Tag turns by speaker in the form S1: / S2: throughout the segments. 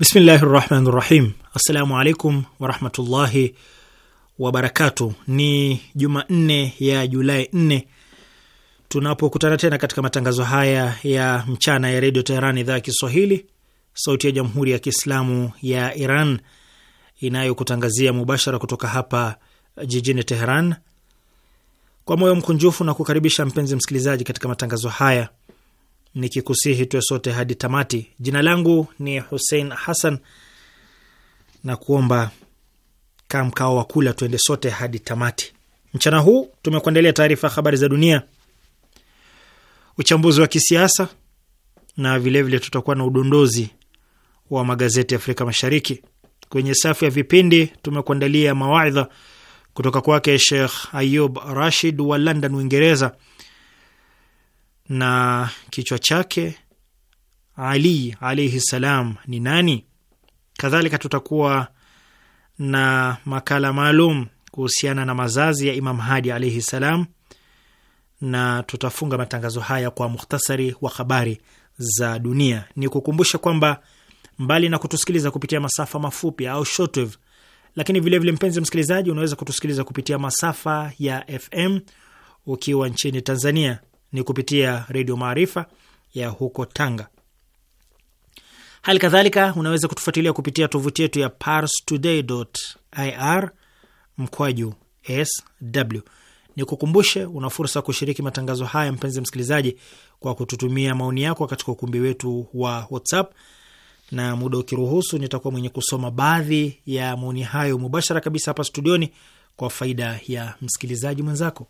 S1: Bismillahi rahmani rahim. Assalamu alaikum warahmatullahi wabarakatu. Ni Jumanne ya Julai nne tunapokutana tena katika matangazo haya ya mchana ya redio Teheran, idhaa ya Kiswahili, sauti ya jamhuri ya Kiislamu ya Iran inayokutangazia mubashara kutoka hapa jijini Teheran. Kwa moyo mkunjufu na kukaribisha mpenzi msikilizaji katika matangazo haya nikikusihi tuwe sote hadi tamati. Jina langu ni Hussein Hassan na kuomba kaa mkao wa kula, tuende sote hadi tamati. Mchana huu tumekuandalia taarifa ya habari za dunia, uchambuzi wa kisiasa na vilevile tutakuwa na udondozi wa magazeti ya Afrika Mashariki. Kwenye safu ya vipindi tumekuandalia mawaidha kutoka kwake Sheikh Ayub Rashid wa London, Uingereza na kichwa chake Ali alaihi salam ni nani. Kadhalika tutakuwa na makala maalum kuhusiana na mazazi ya Imam Hadi alaihi salam, na tutafunga matangazo haya kwa mukhtasari wa habari za dunia. Ni kukumbusha kwamba mbali na kutusikiliza kupitia masafa mafupi au shortwave, lakini vilevile vile, mpenzi msikilizaji, unaweza kutusikiliza kupitia masafa ya FM ukiwa nchini Tanzania ni kupitia Redio Maarifa ya huko Tanga. Hali kadhalika unaweza kutufuatilia kupitia tovuti yetu ya parstoday.ir mkwaju sw. Ni kukumbushe, una fursa kushiriki matangazo haya, mpenzi msikilizaji, kwa kututumia maoni yako katika ukumbi wetu wa WhatsApp, na muda ukiruhusu, nitakuwa mwenye kusoma baadhi ya maoni hayo mubashara kabisa hapa studioni kwa faida ya msikilizaji mwenzako.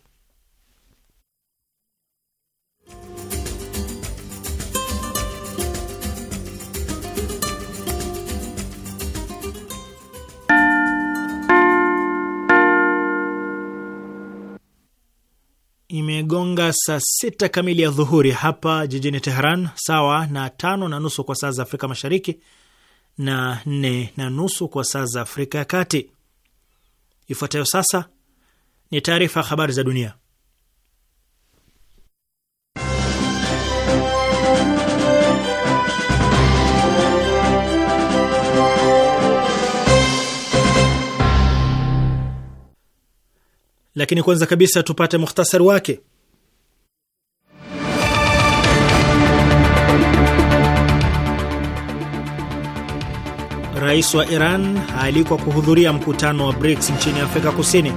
S1: imegonga saa sita kamili ya dhuhuri hapa jijini Teheran, sawa na tano na nusu kwa saa za Afrika Mashariki na nne na nusu kwa saa za Afrika ya Kati. Ifuatayo sasa ni taarifa ya habari za dunia. lakini kwanza kabisa tupate muhtasari wake. Rais wa Iran haalikwa kuhudhuria mkutano wa BRICS nchini Afrika Kusini.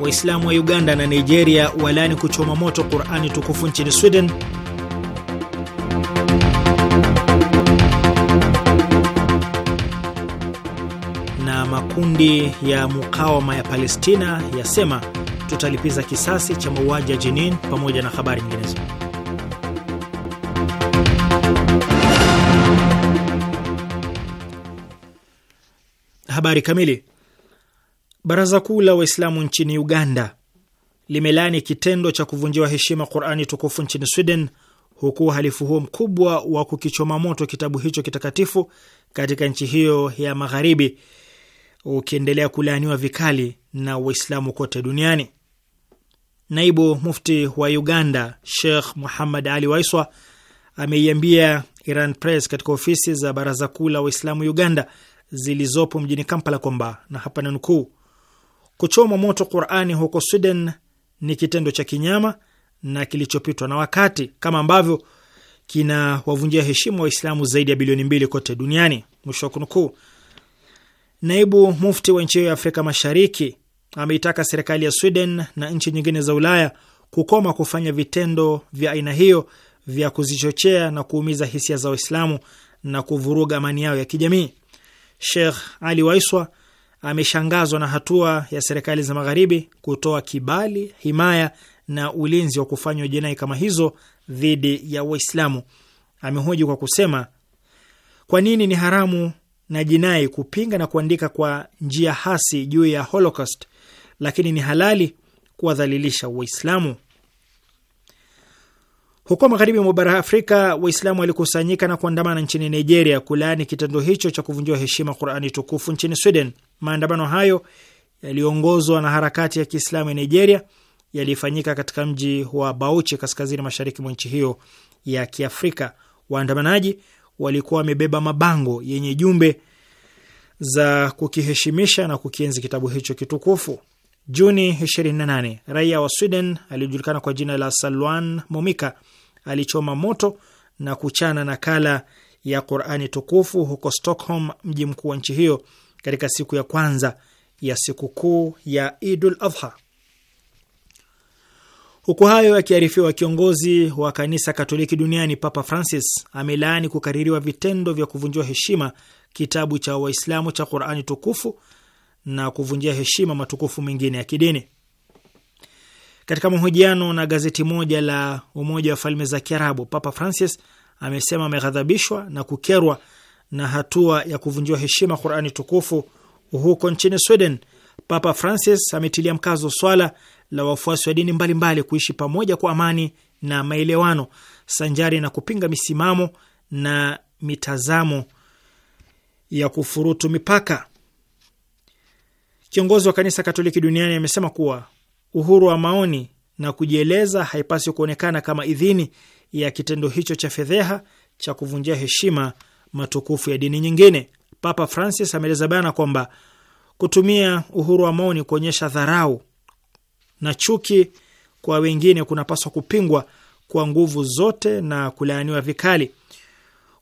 S1: Waislamu wa Uganda na Nigeria walani kuchoma moto Qur'ani tukufu nchini Sweden makundi ya mukawama ya Palestina yasema tutalipiza kisasi cha mauaji ya Jenin, pamoja na habari nyinginezo. Habari kamili. Baraza Kuu la Waislamu nchini Uganda limelaani kitendo cha kuvunjiwa heshima Qurani tukufu nchini Sweden, huku uhalifu huo mkubwa wa kukichoma moto kitabu hicho kitakatifu katika nchi hiyo ya magharibi ukiendelea kulaaniwa vikali na Waislamu kote duniani. Naibu mufti wa Uganda Sheikh Muhammad Ali Waiswa ameiambia Iran Press katika ofisi za Baraza Kuu la Waislamu Uganda zilizopo mjini Kampala kwamba na hapa nanukuu, kuchoma moto Qurani huko Sweden ni kitendo cha kinyama na kilichopitwa na wakati, kama ambavyo kina wavunjia heshima Waislamu zaidi ya bilioni mbili kote duniani, mwisho wa kunukuu. Naibu mufti wa nchi hiyo ya Afrika Mashariki ameitaka serikali ya Sweden na nchi nyingine za Ulaya kukoma kufanya vitendo vya aina hiyo vya kuzichochea na kuumiza hisia za Waislamu na kuvuruga amani yao ya kijamii. Sheikh Ali Waiswa ameshangazwa na hatua ya serikali za Magharibi kutoa kibali, himaya na ulinzi wa kufanywa jinai kama hizo dhidi ya Waislamu. Amehoji kwa kusema, kwa nini ni haramu na jinai kupinga na kuandika kwa njia hasi juu ya Holocaust, lakini ni halali kuwadhalilisha Waislamu. Huko magharibi mwa bara Afrika, Waislamu walikusanyika na kuandamana nchini Nigeria kulaani kitendo hicho cha kuvunjiwa heshima Qurani tukufu nchini Sweden. Maandamano hayo yaliyoongozwa na harakati ya Kiislamu ya Nigeria yalifanyika katika mji wa Bauchi, kaskazini mashariki mwa nchi hiyo ya Kiafrika. Waandamanaji walikuwa wamebeba mabango yenye jumbe za kukiheshimisha na kukienzi kitabu hicho kitukufu. Juni 28 raia wa Sweden aliyojulikana kwa jina la Salwan Momika alichoma moto na kuchana nakala ya Qurani tukufu huko Stockholm, mji mkuu wa nchi hiyo, katika siku ya kwanza ya sikukuu ya Idul Adha. Huku hayo akiarifiwa kiongozi wa kanisa Katoliki duniani Papa Francis amelaani kukaririwa vitendo vya kuvunjiwa heshima kitabu cha Waislamu cha Qurani tukufu na kuvunjia heshima matukufu mengine ya kidini. Katika mahojiano na gazeti moja la Umoja wa Falme za Kiarabu, Papa Francis amesema ameghadhabishwa na kukerwa na hatua ya kuvunjiwa heshima Qurani tukufu huko nchini Sweden. Papa Francis ametilia mkazo swala la wafuasi wa dini mbalimbali mbali kuishi pamoja kwa amani na maelewano sanjari na kupinga misimamo na mitazamo ya kufurutu mipaka. Kiongozi wa kanisa Katoliki duniani amesema kuwa uhuru wa maoni na kujieleza haipaswi kuonekana kama idhini ya kitendo hicho cha fedheha cha kuvunjia heshima matukufu ya dini nyingine. Papa Francis ameeleza bana kwamba kutumia uhuru wa maoni kuonyesha dharau na chuki kwa wengine kunapaswa kupingwa kwa nguvu zote na kulaaniwa vikali.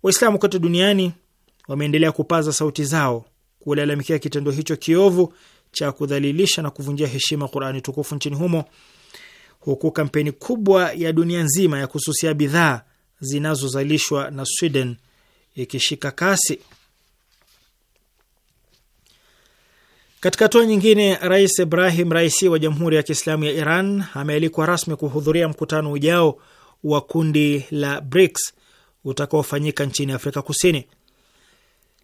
S1: Waislamu kote duniani wameendelea kupaza sauti zao kulalamikia kitendo hicho kiovu cha kudhalilisha na kuvunjia heshima Qur'ani tukufu nchini humo, huku kampeni kubwa ya dunia nzima ya kususia bidhaa zinazozalishwa na Sweden ikishika kasi. Katika hatua nyingine, Rais Ibrahim Raisi wa Jamhuri ya Kiislamu ya Iran amealikwa rasmi kuhudhuria mkutano ujao wa kundi la BRICS utakaofanyika nchini Afrika Kusini.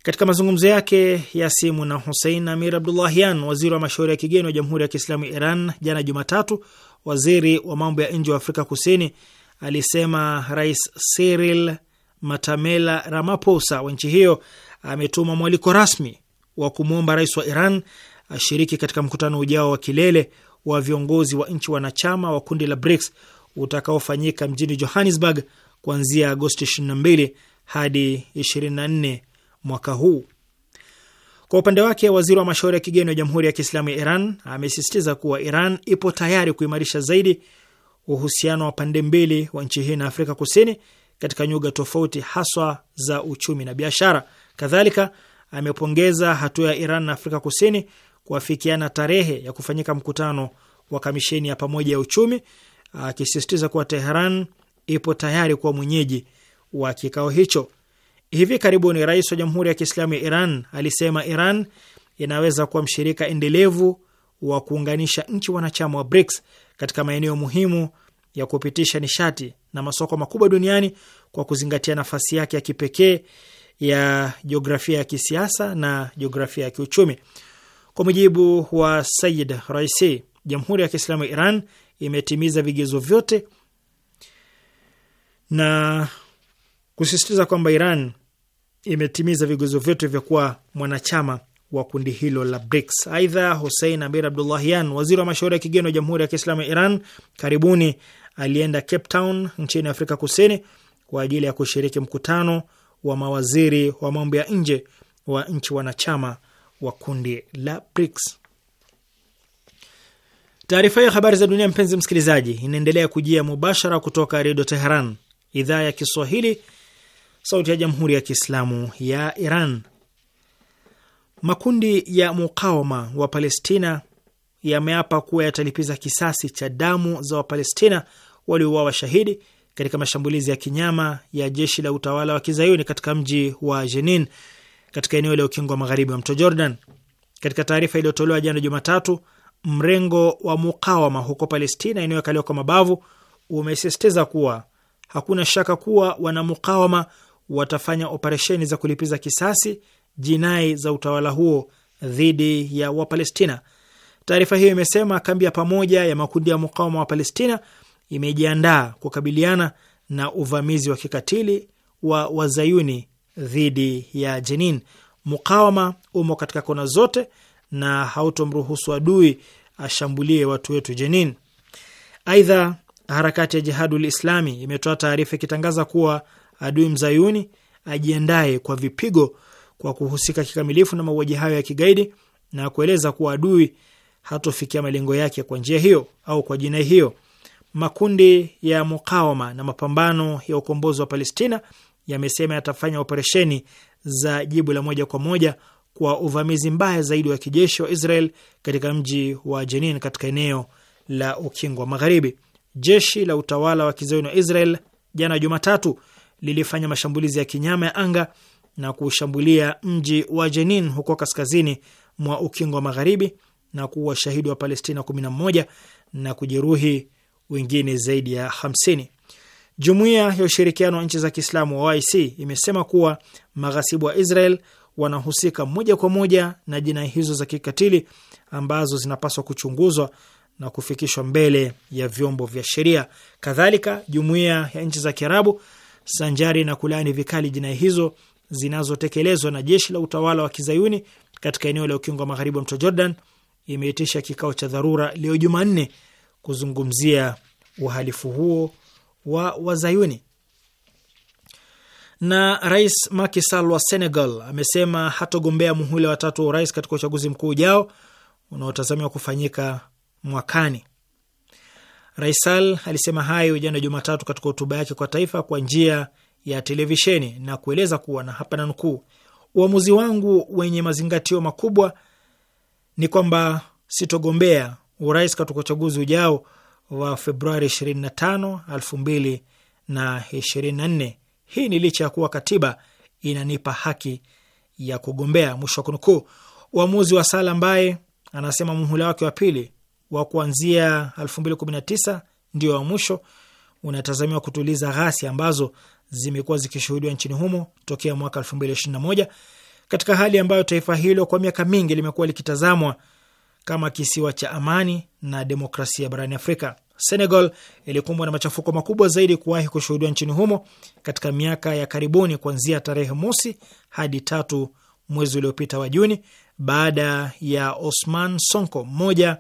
S1: Katika mazungumzo yake ya simu na husein Amir Abdullahian, waziri wa mashauri ya kigeni wa Jamhuri ya Kiislamu ya Iran, jana Jumatatu, waziri wa mambo ya nje wa Afrika Kusini alisema Rais Cyril Matamela Ramaphosa wa nchi hiyo ametuma mwaliko rasmi wa kumwomba rais wa Iran ashiriki katika mkutano ujao wa kilele wa viongozi wa nchi wanachama wa kundi la BRICS utakaofanyika mjini Johannesburg kuanzia Agosti 22 hadi 24 mwaka huu. Kwa upande wake, waziri wa mashauri ya kigeni wa Jamhuri ya Kiislamu ya Iran amesisitiza kuwa Iran ipo tayari kuimarisha zaidi uhusiano wa pande mbili wa nchi hii na Afrika Kusini katika nyuga tofauti, haswa za uchumi na biashara. Kadhalika amepongeza hatua ya Iran na Afrika Kusini kuafikiana tarehe ya kufanyika mkutano wa kamisheni ya pamoja ya uchumi, akisisitiza kuwa Teheran ipo tayari kuwa mwenyeji wa kikao hicho. Hivi karibuni rais wa Jamhuri ya Kiislamu ya Iran alisema Iran inaweza kuwa mshirika endelevu wa kuunganisha nchi wanachama wa BRICS katika maeneo muhimu ya kupitisha nishati na masoko makubwa duniani kwa kuzingatia nafasi yake ya kipekee ya jiografia ya kisiasa na jiografia ya kiuchumi. Kwa mujibu wa Sayid Raisi, Jamhuri ya Kiislamu ya Iran imetimiza vigezo vyote na kusisitiza kwamba Iran imetimiza vigezo vyote vya kuwa mwanachama wa kundi hilo la BRICS. Aidha, Hussein Amir Abdullahian, waziri wa mashauri ya kigeni wa Jamhuri ya Kiislamu ya Iran, karibuni alienda Cape Town nchini Afrika Kusini kwa ajili ya kushiriki mkutano wa mawaziri wa mambo ya nje wa nchi wanachama wa kundi la BRICS. Taarifa ya habari za dunia, mpenzi msikilizaji, inaendelea kujia mubashara kutoka Redio Teheran, idhaa ya Kiswahili, sauti ya Jamhuri ya Kiislamu ya Iran. Makundi ya mukawama wa Palestina yameapa kuwa yatalipiza kisasi cha damu za Wapalestina waliouawa shahidi katika mashambulizi ya kinyama ya jeshi la utawala wa kizayuni katika mji wa Jenin katika eneo la ukingo wa magharibi wa mto Jordan. Katika taarifa iliyotolewa jana Jumatatu, mrengo wa mukawama huko Palestina inayokaliwa kwa mabavu umesisitiza kuwa hakuna shaka kuwa wanamukawama watafanya operesheni za kulipiza kisasi jinai za utawala huo dhidi ya Wapalestina. Taarifa hiyo imesema kambi ya pamoja ya makundi ya mukawama wa Palestina imejiandaa kukabiliana na uvamizi wa kikatili wa wazayuni dhidi ya Jenin. Mukawama umo katika kona zote na hautomruhusu adui ashambulie watu wetu Jenin. Aidha, harakati ya Jihadul Islami imetoa taarifa ikitangaza kuwa adui mzayuni ajiandaye kwa vipigo kwa kuhusika kikamilifu na mauaji hayo ya kigaidi na kueleza kuwa adui hatofikia malengo yake kwa njia hiyo au kwa jina hiyo makundi ya mukawama na mapambano ya ukombozi wa Palestina yamesema yatafanya operesheni za jibu la moja kwa moja kwa uvamizi mbaya zaidi wa kijeshi wa Israel katika mji wa Jenin katika eneo la ukingo wa Magharibi. Jeshi la utawala wa kizayuni wa Israel jana Jumatatu lilifanya mashambulizi ya kinyama ya anga na kushambulia mji wa Jenin huko kaskazini mwa ukingo wa Magharibi na kuwa shahidi wa Palestina 11 na kujeruhi wengine zaidi ya 50. Jumuiya ya ushirikiano wa nchi za Kiislamu wa OIC imesema kuwa maghasibu wa Israel wanahusika moja kwa moja na jinai hizo za kikatili ambazo zinapaswa kuchunguzwa na kufikishwa mbele ya vyombo vya sheria. Kadhalika, jumuiya ya nchi za Kiarabu sanjari na kulaani vikali jinai hizo zinazotekelezwa na jeshi la utawala wa kizayuni katika eneo la ukingo wa magharibi wa mto Jordan imeitisha kikao cha dharura leo Jumanne kuzungumzia uhalifu huo wa Wazayuni. Na Rais Macky Sall wa Senegal amesema hatogombea muhula watatu wa urais katika uchaguzi mkuu ujao unaotazamiwa kufanyika mwakani. Rais Sall alisema hayo jana Jumatatu katika hotuba yake kwa taifa kwa njia ya televisheni na kueleza kuwa na hapa nukuu, uamuzi wangu wenye mazingatio makubwa ni kwamba sitogombea urais katika uchaguzi ujao wa Februari 25, 2024. Hii ni licha ya kuwa katiba inanipa haki ya kugombea, mwisho wa kunukuu. Uamuzi wa Sala ambaye anasema muhula wake wa pili wa kuanzia 2019 ndio wa mwisho unatazamiwa kutuliza ghasia ambazo zimekuwa zikishuhudiwa nchini humo tokea mwaka 2021 katika hali ambayo taifa hilo kwa miaka mingi limekuwa likitazamwa kama kisiwa cha amani na demokrasia barani Afrika. Senegal ilikumbwa na machafuko makubwa zaidi kuwahi kushuhudiwa nchini humo katika miaka ya karibuni, kuanzia tarehe mosi hadi tatu mwezi uliopita wa Juni, baada ya Osman Sonko, mmoja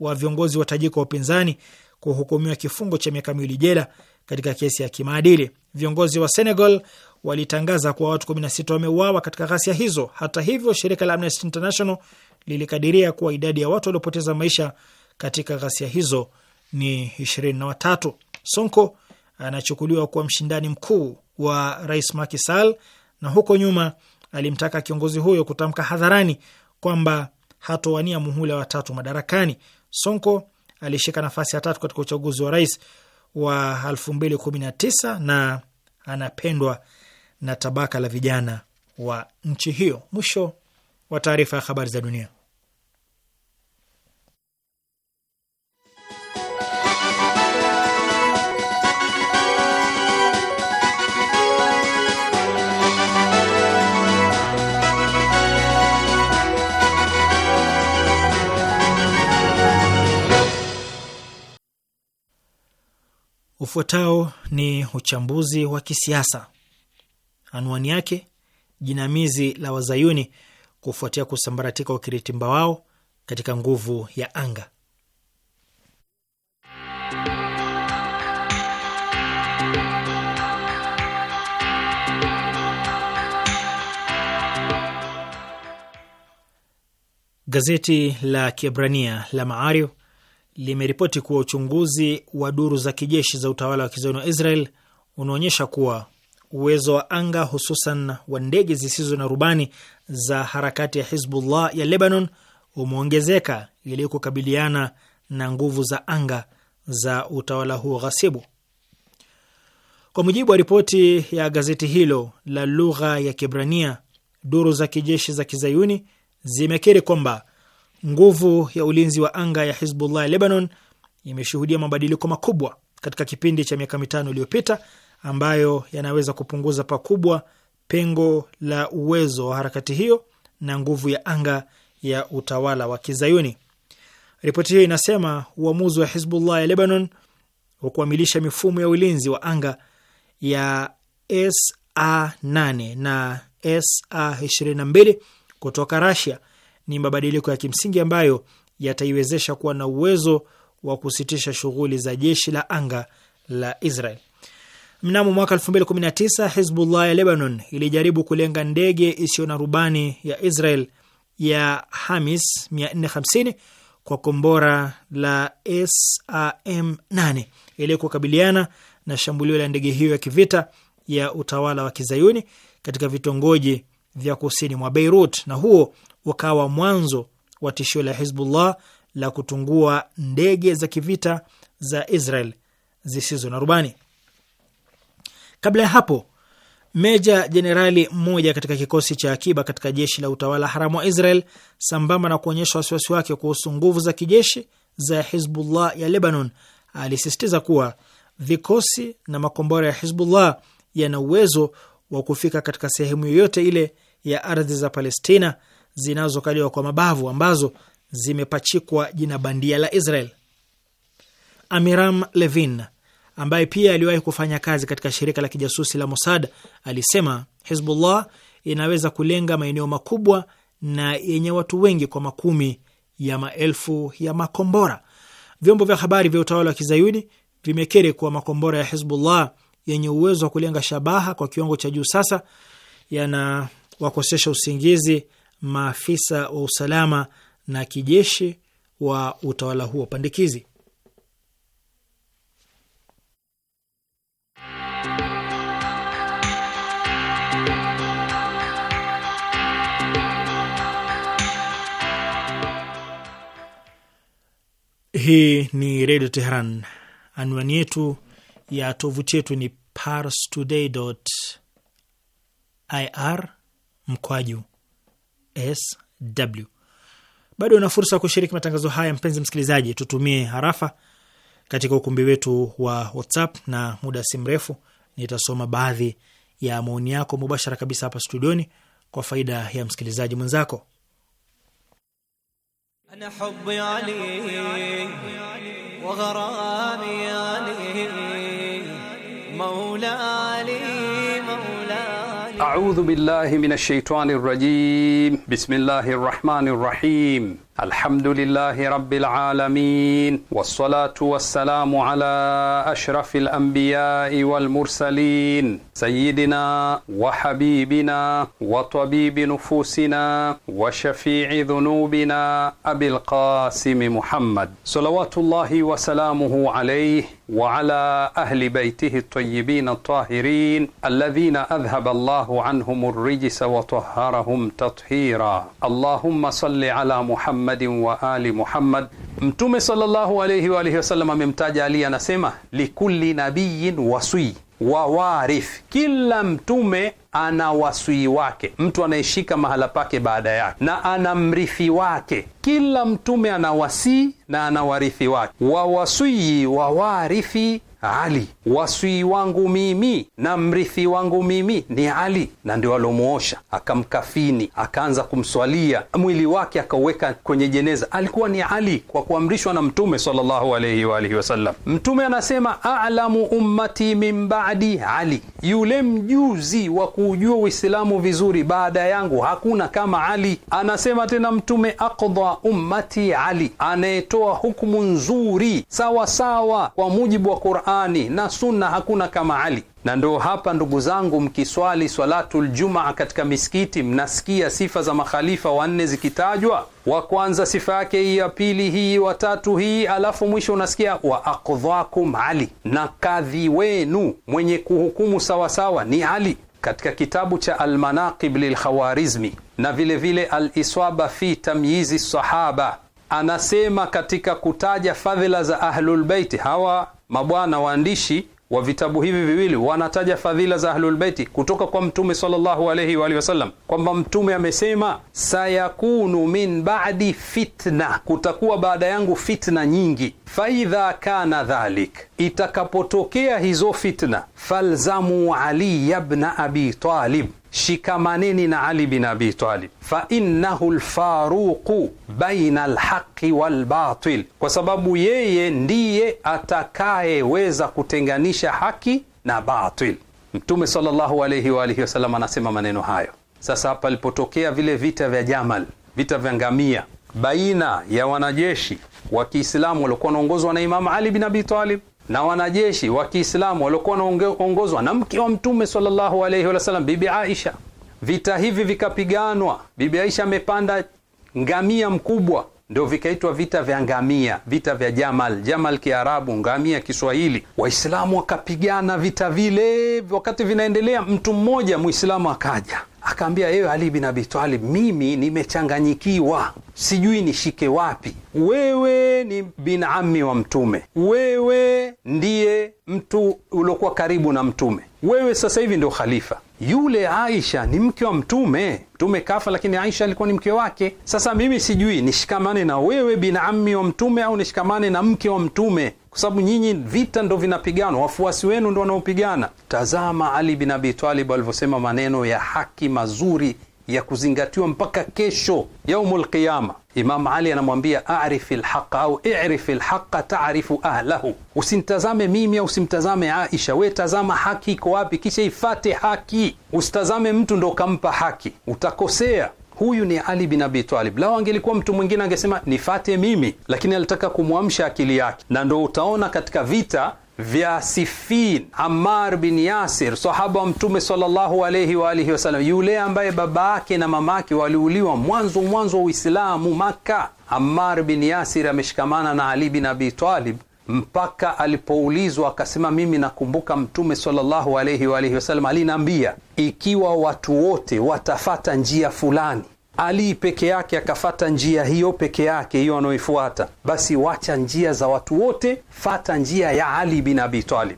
S1: wa viongozi wa tajiko wa upinzani, kuhukumiwa kifungo cha miaka miwili jela katika kesi ya kimaadili. Viongozi wa Senegal walitangaza kuwa watu 16 wameuawa katika ghasia hizo. Hata hivyo, shirika la Amnesty International lilikadiria kuwa idadi ya watu waliopoteza maisha katika ghasia hizo ni 23. Sonko anachukuliwa kuwa mshindani mkuu wa rais Macky Sall na huko nyuma alimtaka kiongozi huyo kutamka hadharani kwamba hatowania muhula wa tatu madarakani. Sonko alishika nafasi ya tatu katika uchaguzi wa rais wa elfu na anapendwa na tabaka la vijana wa nchi hiyo. Mwisho wa taarifa ya habari za dunia. Ufuatao ni uchambuzi wa kisiasa Anwani yake jinamizi la wazayuni kufuatia kusambaratika wakiritimba wao katika nguvu ya anga. Gazeti la Kiebrania la Maario limeripoti kuwa uchunguzi wa duru za kijeshi za utawala wa kizayuni wa Israel unaonyesha kuwa uwezo wa anga hususan wa ndege zisizo na rubani za harakati ya Hizbullah ya Lebanon umeongezeka ili kukabiliana na nguvu za anga za utawala huo ghasibu. Kwa mujibu wa ripoti ya gazeti hilo la lugha ya Kibrania, duru za kijeshi za kizayuni zimekiri kwamba nguvu ya ulinzi wa anga ya Hizbullah ya Lebanon imeshuhudia mabadiliko makubwa katika kipindi cha miaka mitano iliyopita ambayo yanaweza kupunguza pakubwa pengo la uwezo wa harakati hiyo na nguvu ya anga ya utawala wa Kizayuni. Ripoti hiyo inasema uamuzi wa Hizbullah ya Lebanon wa kuamilisha mifumo ya ulinzi wa anga ya SA8 na SA22 kutoka Rasia ni mabadiliko ya kimsingi ambayo yataiwezesha kuwa na uwezo wa kusitisha shughuli za jeshi la anga la Israel. Mnamo mwaka 2019 Hizbullah ya Lebanon ilijaribu kulenga ndege isiyo na rubani ya Israel ya Hamis 450 kwa kombora la SAM 8 ili kukabiliana na shambulio la ndege hiyo ya kivita ya utawala wa kizayuni katika vitongoji vya kusini mwa Beirut, na huo ukawa mwanzo wa tishio la Hizbullah la kutungua ndege za kivita za Israel zisizo na rubani. Kabla ya hapo, meja jenerali mmoja katika kikosi cha akiba katika jeshi la utawala haramu wa Israel, sambamba na kuonyesha wasiwasi wake kuhusu nguvu za kijeshi za Hizbullah ya Lebanon, alisisitiza kuwa vikosi na makombora ya Hizbullah yana uwezo wa kufika katika sehemu yoyote ile ya ardhi za Palestina zinazokaliwa kwa mabavu ambazo zimepachikwa jina bandia la Israel. Amiram Levin ambaye pia aliwahi kufanya kazi katika shirika la kijasusi la Mossad alisema Hezbollah inaweza kulenga maeneo makubwa na yenye watu wengi kwa makumi ya maelfu ya makombora. Vyombo vya habari vya utawala wa kizayuni vimekiri kuwa makombora ya Hezbollah yenye uwezo wa kulenga shabaha kwa kiwango cha juu sasa yanawakosesha usingizi maafisa wa usalama na kijeshi wa utawala huo pandikizi. Hii ni Redio Teheran. Anwani yetu ya tovuti yetu ni parstoday.ir mkwaju sw. Bado una fursa ya kushiriki matangazo haya, mpenzi msikilizaji, tutumie harafa katika ukumbi wetu wa WhatsApp na muda si mrefu nitasoma baadhi ya maoni yako mubashara kabisa hapa studioni kwa faida ya msikilizaji mwenzako.
S2: أنا حبي علي وغرامي علي مولا
S3: علي مولا
S4: علي أعوذ بالله من الشيطان الرجيم بسم الله الرحمن الرحيم الحمد لله رب العالمين والصلاة والسلام على أشرف الأنبياء والمرسلين سيدنا وحبيبنا وطبيب نفوسنا وشفيع ذنوبنا أبي القاسم محمد صلوات الله وسلامه عليه وعلى أهل بيته الطيبين الطاهرين الذين أذهب الله عنهم الرجس وطهرهم تطهيرا اللهم صل على محمد Muhammadin wa ali Muhammad. Mtume sallallahu alayhi wa alihi wasallam amemtaja Ali, anasema likulli nabiyin wasii wa warif, kila mtume ana wasii wake, mtu anayeshika mahala pake baada yake, na ana mrithi wake. Kila mtume ana wasii na ana warithi wake. wa wasii wa warithi ali, wasii wangu mimi na mrithi wangu mimi ni Ali, na ndio alomuosha akamkafini, akaanza kumswalia mwili wake akauweka kwenye jeneza. Alikuwa ni Ali kwa kuamrishwa na Mtume sallallahu alayhi wa alihi wasallam. Mtume anasema alamu ummati min ba'di Ali, yule mjuzi wa kuujua Uislamu vizuri baada yangu hakuna kama Ali. Anasema tena Mtume aqdha ummati Ali, anayetoa hukumu nzuri sawa sawa kwa mujibu wa Qur'an Qur'ani na sunna, hakuna kama Ali. Na ndo hapa ndugu zangu, mkiswali swalatul jumaa katika misikiti, mnasikia sifa za makhalifa wanne zikitajwa, wa kwanza sifa yake hii, ya pili hii, watatu hii, alafu mwisho unasikia wa aqdhakum Ali, na kadhi wenu mwenye kuhukumu sawasawa ni Ali, katika kitabu cha Almanaqib lilkhawarizmi na vilevile Aliswaba fi tamyizi sahaba, anasema katika kutaja fadhila za ahlulbeiti hawa mabwana waandishi wa vitabu hivi viwili wanataja fadhila za ahlulbeiti kutoka kwa Mtume sallallahu wa alihi wasallam, kwamba Mtume amesema sayakunu min ba'di fitna, kutakuwa baada yangu fitna nyingi. Faidha kana dhalik, itakapotokea hizo fitna, falzamu aliya bna Abi Talib Shikamaneni na Ali bin Abi Talib, fa innahu lfaruqu baina alhaqi walbatil, kwa sababu yeye ndiye atakayeweza kutenganisha haki na batil. Mtume sallallahu alayhi wa alihi wasallam anasema maneno hayo. Sasa hapa alipotokea vile vita vya Jamal, vita vya ngamia, baina ya wanajeshi wa Kiislamu waliokuwa wanaongozwa na Imam Ali bin Abi Talib na wanajeshi wa Kiislamu waliokuwa wanaongozwa na mke wa Mtume sallallahu alaihi sallam, Bibi Aisha. Vita hivi vikapiganwa, Bibi Aisha amepanda ngamia mkubwa, ndio vikaitwa vita vya ngamia, vita vya Jamal. Jamal Kiarabu, ngamia Kiswahili. Waislamu wakapigana vita vile, wakati vinaendelea, mtu mmoja Muislamu akaja Akaambia, ewe Ali bin Abi Talib, mimi nimechanganyikiwa, sijui nishike wapi. Wewe ni bin ammi wa Mtume, wewe ndiye mtu uliokuwa karibu na Mtume, wewe sasa hivi ndio khalifa. Yule Aisha ni mke wa Mtume, Mtume kafa, lakini Aisha alikuwa ni mke wake. Sasa mimi sijui nishikamane na wewe bin ammi wa Mtume au nishikamane na mke wa Mtume kwa sababu nyinyi vita ndo vinapiganwa, wafuasi wenu ndo wanaopigana. Tazama Ali bin Abi Talib alivyosema maneno ya haki mazuri ya kuzingatiwa mpaka kesho yaumu lqiama. Imam Ali anamwambia arif lhaqa au irif lhaqa tarifu ahlahu, usimtazame mimi au usimtazame Aisha, we tazama haki iko wapi, kisha ifate haki. Usitazame mtu ndo ukampa haki, utakosea huyu ni Ali bin Abi Talib. Lao angelikuwa mtu mwingine angesema nifate mimi, lakini alitaka kumwamsha akili yake, na ndo utaona katika vita vya Sifin, Ammar bin Yasir, sahaba wa Mtume sallallahu alayhi wa alihi wasallam, yule ambaye baba yake na mama yake waliuliwa mwanzo mwanzo wa Uislamu Makka. Ammar bin Yasir ameshikamana na Ali bin Abi Talib mpaka alipoulizwa akasema, mimi nakumbuka Mtume sallallahu alaihi wa alihi wasallam aliniambia, ikiwa watu wote watafata njia fulani, Ali peke yake akafata njia hiyo peke yake, hiyo anayoifuata, basi wacha njia za watu wote, fata njia ya Ali bin Abi Talib.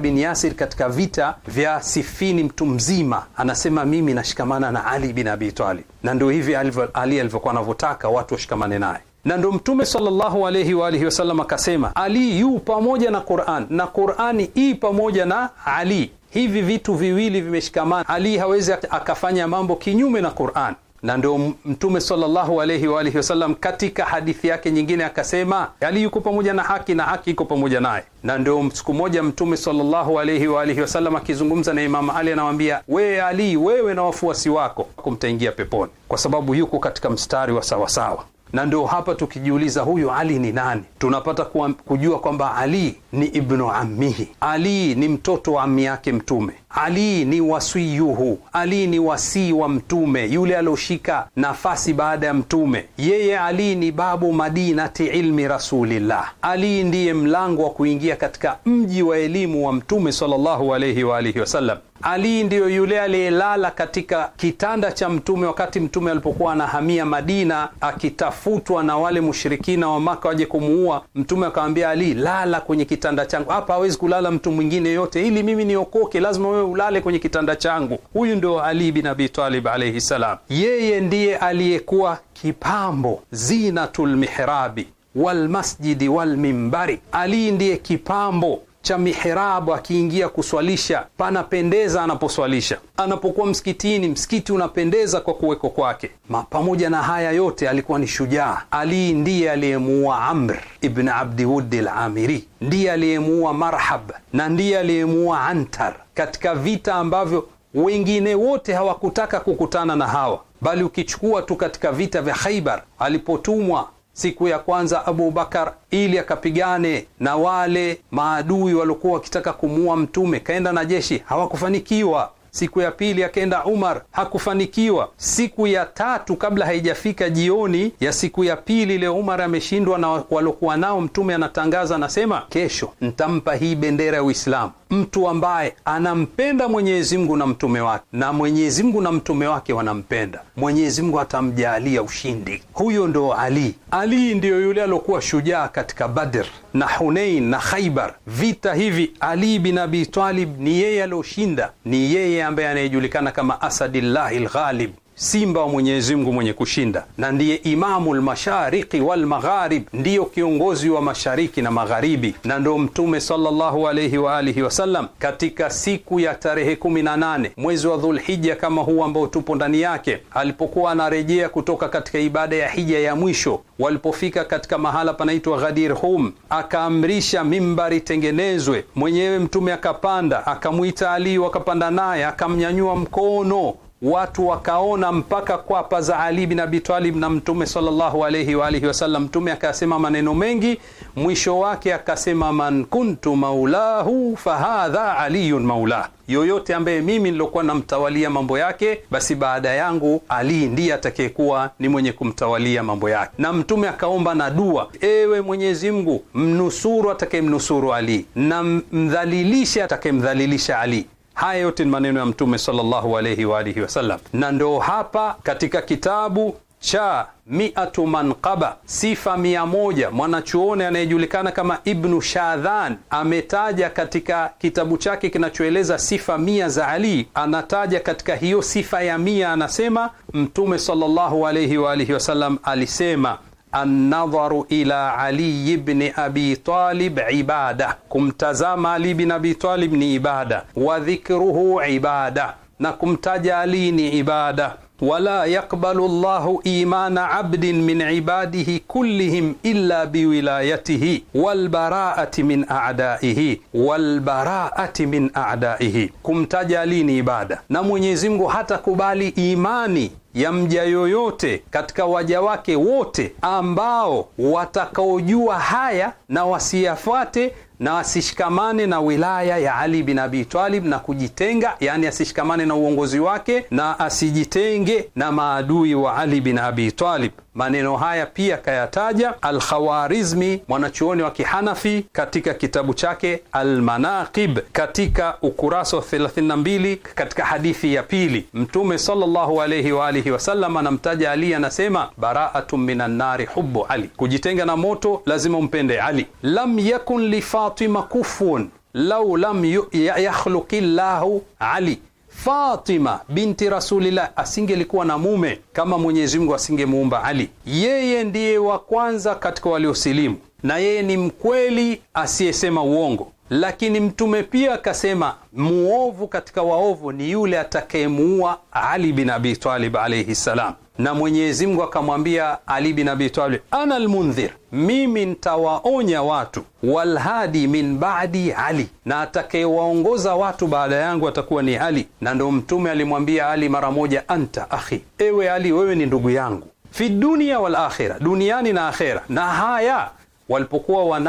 S4: bin Yasir katika vita vya Sifini, mtu mzima anasema, mimi nashikamana na Ali bin Abi Talib, na ndio hivi Ali alivyokuwa anavyotaka watu washikamane naye na ndo Mtume sallallahu alayhi wa alihi wasallam akasema, Ali yu pamoja na Qur'an na Qur'ani i pamoja na Ali. Hivi vitu viwili vimeshikamana. Ali hawezi akafanya mambo kinyume na Qur'an, na ndo Mtume sallallahu alayhi wa alihi wasallam katika hadithi yake nyingine akasema, Ali yuko pamoja na haki na haki iko pamoja naye. Na ndo siku moja Mtume sallallahu alayhi wa alihi wasallam akizungumza na Imam Ali anamwambia, wewe Ali, wewe na wafuasi wako mtaingia peponi, kwa sababu yuko katika mstari wa sawasawa na ndio hapa tukijiuliza huyu Ali ni nani, tunapata kujua kwamba Ali ni ibnu ammihi, Ali ni mtoto wa ami yake Mtume. Ali ni wasiyuhu, Ali ni wasii wa Mtume, yule alioshika nafasi baada ya Mtume. Yeye Ali ni babu madinati ilmi rasulillah. Ali ndiye mlango wa kuingia katika mji wa elimu wa Mtume sallallahu alayhi wa alihi wasallam. Ali ndiyo yule aliyelala katika kitanda cha mtume wakati mtume alipokuwa anahamia Madina, akitafutwa na wale mushirikina wa Maka waje kumuua mtume. Akamwambia Ali, lala kwenye kitanda changu hapa, hawezi kulala mtu mwingine yote, ili mimi niokoke, lazima wewe ulale kwenye kitanda changu. Huyu ndio Ali bin Abi Talib alaihi salam, yeye ndiye aliyekuwa kipambo zinatul mihrabi walmasjidi walmimbari. Ali ndiye kipambo cha mihirabu akiingia kuswalisha, panapendeza anaposwalisha. Anapokuwa msikitini, msikiti unapendeza kwa kuweko kwake. Pamoja na haya yote, alikuwa ni shujaa. Ali ndiye aliyemuua Amr ibn Abdi lamiri ndiye aliyemuua Marhab na ndiye aliyemuua Antar katika vita ambavyo wengine wote hawakutaka kukutana na hawa, bali ukichukua tu katika vita vya Khaibar alipotumwa siku ya kwanza Abu Bakar ili akapigane na wale maadui waliokuwa wakitaka kumuua Mtume, kaenda na jeshi hawakufanikiwa. Siku ya pili akaenda Umar, hakufanikiwa. Siku ya tatu, kabla haijafika jioni ya siku ya pili, leo Umar ameshindwa na waliokuwa nao. Mtume anatangaza anasema, kesho ntampa hii bendera ya Uislamu mtu ambaye anampenda Mwenyezi Mungu na mtume wake na Mwenyezi Mungu na mtume wake wanampenda, Mwenyezi Mungu atamjaalia ushindi. Huyo ndo Ali. Ali ndiyo yule aliokuwa shujaa katika Badr na hunein na Khaibar. Vita hivi Ali bin Abi Talib ni yeye aliyoshinda, ni yeye ambaye anayejulikana kama Asadillahi Lghalib simba wa Mwenyezi Mungu mwenye kushinda, na ndiye imamu lmashariki walmagharib, ndiyo kiongozi wa mashariki na magharibi, na ndo Mtume sallallahu wa alihi wasallam katika siku ya tarehe 18 mwezi wa Dhulhija kama huu ambao tupo ndani yake, alipokuwa anarejea kutoka katika ibada ya hija ya mwisho, walipofika katika mahala panaitwa Ghadir Hum, akaamrisha mimbari tengenezwe, mwenyewe Mtume akapanda, akamwita Ali, wakapanda naye, akamnyanyua mkono watu wakaona mpaka kwapa za Ali bin Abi Talib na Mtume sallallahu alayhi wa alihi wasallam. Mtume akasema maneno mengi, mwisho wake akasema man kuntu maulahu fahadha aliyun maulah, yoyote ambaye mimi nilokuwa namtawalia mambo yake, basi baada yangu Ali ndiye atakayekuwa ni mwenye kumtawalia mambo yake. Na Mtume akaomba na dua, ewe Mwenyezi Mungu, mnusuru atakayemnusuru Ali na mdhalilishe atakayemdhalilisha Ali. Haya yote ni maneno ya Mtume sallallahu alayhi wa alihi wasallam, na ndo hapa katika kitabu cha miatu manqaba sifa mia moja mwanachuoni anayejulikana kama Ibnu Shadhan ametaja katika kitabu chake kinachoeleza sifa mia za Ali. Anataja katika hiyo sifa ya mia, anasema Mtume sallallahu alayhi wa alihi wasallam alisema annadharu ila Ali ibn Abi Talib ibada, kumtazama Ali bin Abi Talib ni ibada. Wa dhikruhu ibada, na kumtaja Ali ni ibada. Wala yakbalu llahu imana abdin min ibadihi kullihim illa biwilayatihi walbaraati min adaihi walbaraati min adaihi. Kumtaja Ali ni ibada, na Mwenyezi Mungu hatakubali imani ya mja yoyote katika waja wake wote ambao watakaojua haya na wasiyafuate na asishikamane na wilaya ya Ali bin Abi Talib na kujitenga, yani asishikamane na uongozi wake na asijitenge na maadui wa Ali bin Abi Talib. Maneno haya pia kayataja Alkhawarizmi, mwanachuoni wa Kihanafi, katika kitabu chake Almanaqib katika ukurasa wa 32 katika hadithi ya pili. Mtume sallallahu alayhi wa alihi wasallam anamtaja Ali, anasema baraatun minan nari hubbu Ali, kujitenga na moto lazima umpende Ali. Lam yakun li Fatima kufun lau lam yakhluqi llahu Ali Fatima binti Rasulillah asingelikuwa na mume kama Mwenyezi Mungu asingemuumba Ali. Yeye ndiye wa kwanza katika waliosilimu na yeye ni mkweli asiyesema uongo. Lakini mtume pia akasema, muovu katika waovu ni yule atakayemuua Ali bin Abi Talib alayhi salam, na Mwenyezi Mungu akamwambia Ali bin Abi Talib, ana lmundhir mimi ntawaonya watu, walhadi min badi Ali, na atakayewaongoza watu baada yangu atakuwa ni Ali. Na ndo mtume alimwambia Ali mara moja, anta akhi, ewe Ali, wewe ni ndugu yangu, fi dunia wal akhira, duniani na akhera. Na haya walipokuwa